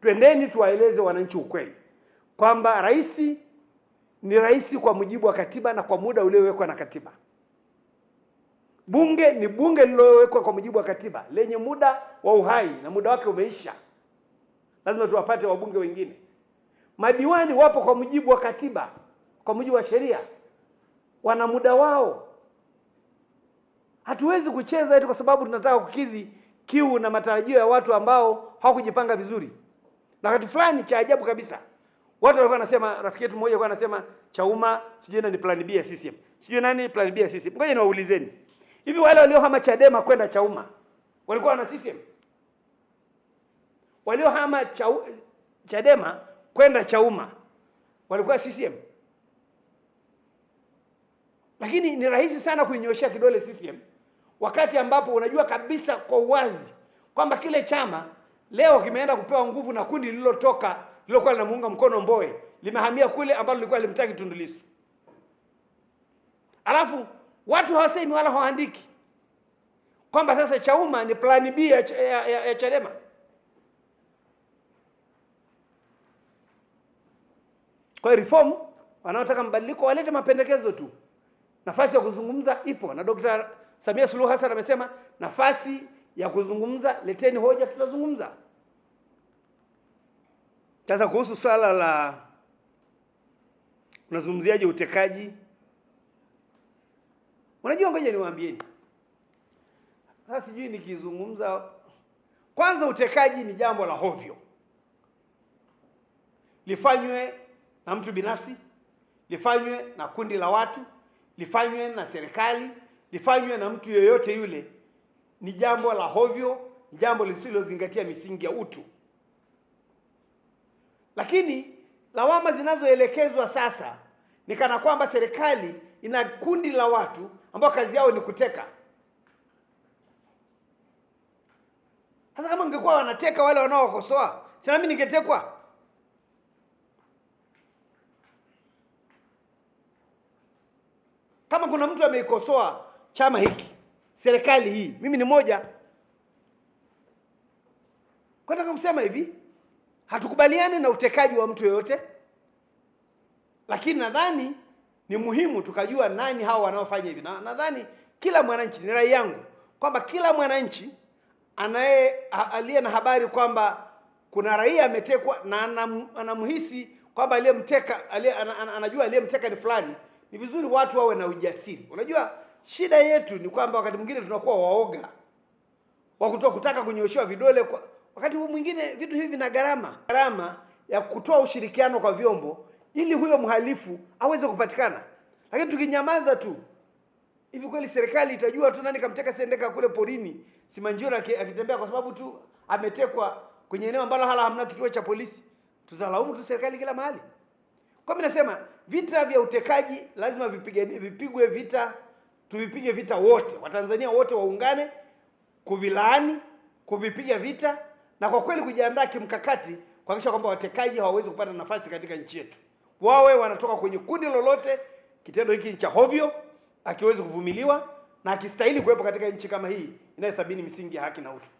Twendeni tuwaeleze wananchi ukweli kwamba rais ni rais kwa mujibu wa katiba na kwa muda uliowekwa na katiba. Bunge ni bunge lililowekwa kwa mujibu wa katiba lenye muda wa uhai na muda wake umeisha. Lazima tuwapate wabunge wengine. Madiwani wapo kwa mujibu wa katiba, kwa mujibu wa sheria, wana muda wao. Hatuwezi kucheza eti kwa sababu tunataka kukidhi kiu na matarajio ya watu ambao hawakujipanga vizuri na wakati fulani cha ajabu kabisa watu walikuwa wanasema, rafiki yetu mmoja alikuwa anasema Chauma sijui nani plan B ya CCM, sijui nani plan B ya CCM. Ngoja niwaulizeni hivi, wale waliohama Chadema kwenda Chauma walikuwa wana CCM? Waliohama cha, Chadema kwenda Chauma walikuwa CCM? Lakini ni rahisi sana kuinyoshea kidole CCM wakati ambapo unajua kabisa kwa uwazi kwamba kile chama leo kimeenda kupewa nguvu na kundi lililotoka lilokuwa linamuunga mkono mboe limehamia kule ambalo lilikuwa limtaki Tundu Lissu. Alafu watu hawasemi wala hawaandiki kwamba sasa Chauma ni plani B ya, ya, ya, ya Chadema. Kwa reform wanaotaka mabadiliko walete mapendekezo tu. Nafasi ya kuzungumza ipo, na Dr. Samia Suluhu Hassan amesema nafasi ya kuzungumza, leteni hoja, tutazungumza. Sasa kuhusu swala la unazungumziaje utekaji, unajua, ngoja niwaambieni sasa, sijui nikizungumza. Kwanza, utekaji ni jambo la hovyo, lifanywe na mtu binafsi, lifanywe na kundi la watu, lifanywe na serikali, lifanywe na mtu yoyote yule, ni jambo la hovyo, ni jambo lisilozingatia misingi ya utu. Lakini lawama zinazoelekezwa sasa ni kana kwamba serikali ina kundi la watu ambao kazi yao ni kuteka. Sasa kama ungekuwa wanateka wale wanaowakosoa, si nami ningetekwa? Kama kuna mtu ameikosoa chama hiki, serikali hii, mimi ni moja. Nataka kusema hivi hatukubaliani na utekaji wa mtu yoyote, lakini nadhani ni muhimu tukajua nani hao wanaofanya hivi, na nadhani kila mwananchi, ni rai yangu kwamba kila mwananchi anaye aliye na habari kwamba kuna raia ametekwa na anamhisi kwamba aliyemteka alie, anajua aliyemteka ni fulani, ni vizuri watu wawe na ujasiri. Unajua, shida yetu ni kwamba wakati mwingine tunakuwa waoga wa kutaka kunyooshewa vidole kwa, wakati huo mwingine vitu hivi vina gharama, gharama ya kutoa ushirikiano kwa vyombo ili huyo mhalifu aweze kupatikana. Lakini tukinyamaza tu, hivi kweli serikali itajua tu nani kamteka Sendeka kule porini Simanjiro akitembea kwa sababu tu ametekwa kwenye eneo ambalo hala hamna kituo cha polisi? Tutalaumu tu serikali kila mahali. Kwa mimi nasema vita vya utekaji lazima vipigane, vipigwe vita, tuvipige vita wote, Watanzania wote waungane kuvilaani, kuvipiga vita na kwa kweli kujiandaa kimkakati kuhakikisha kwamba watekaji hawawezi kupata nafasi katika nchi yetu, wawe wanatoka kwenye kundi lolote. Kitendo hiki cha hovyo akiwezi kuvumiliwa na akistahili kuwepo katika nchi kama hii inayothamini misingi ya haki na utu.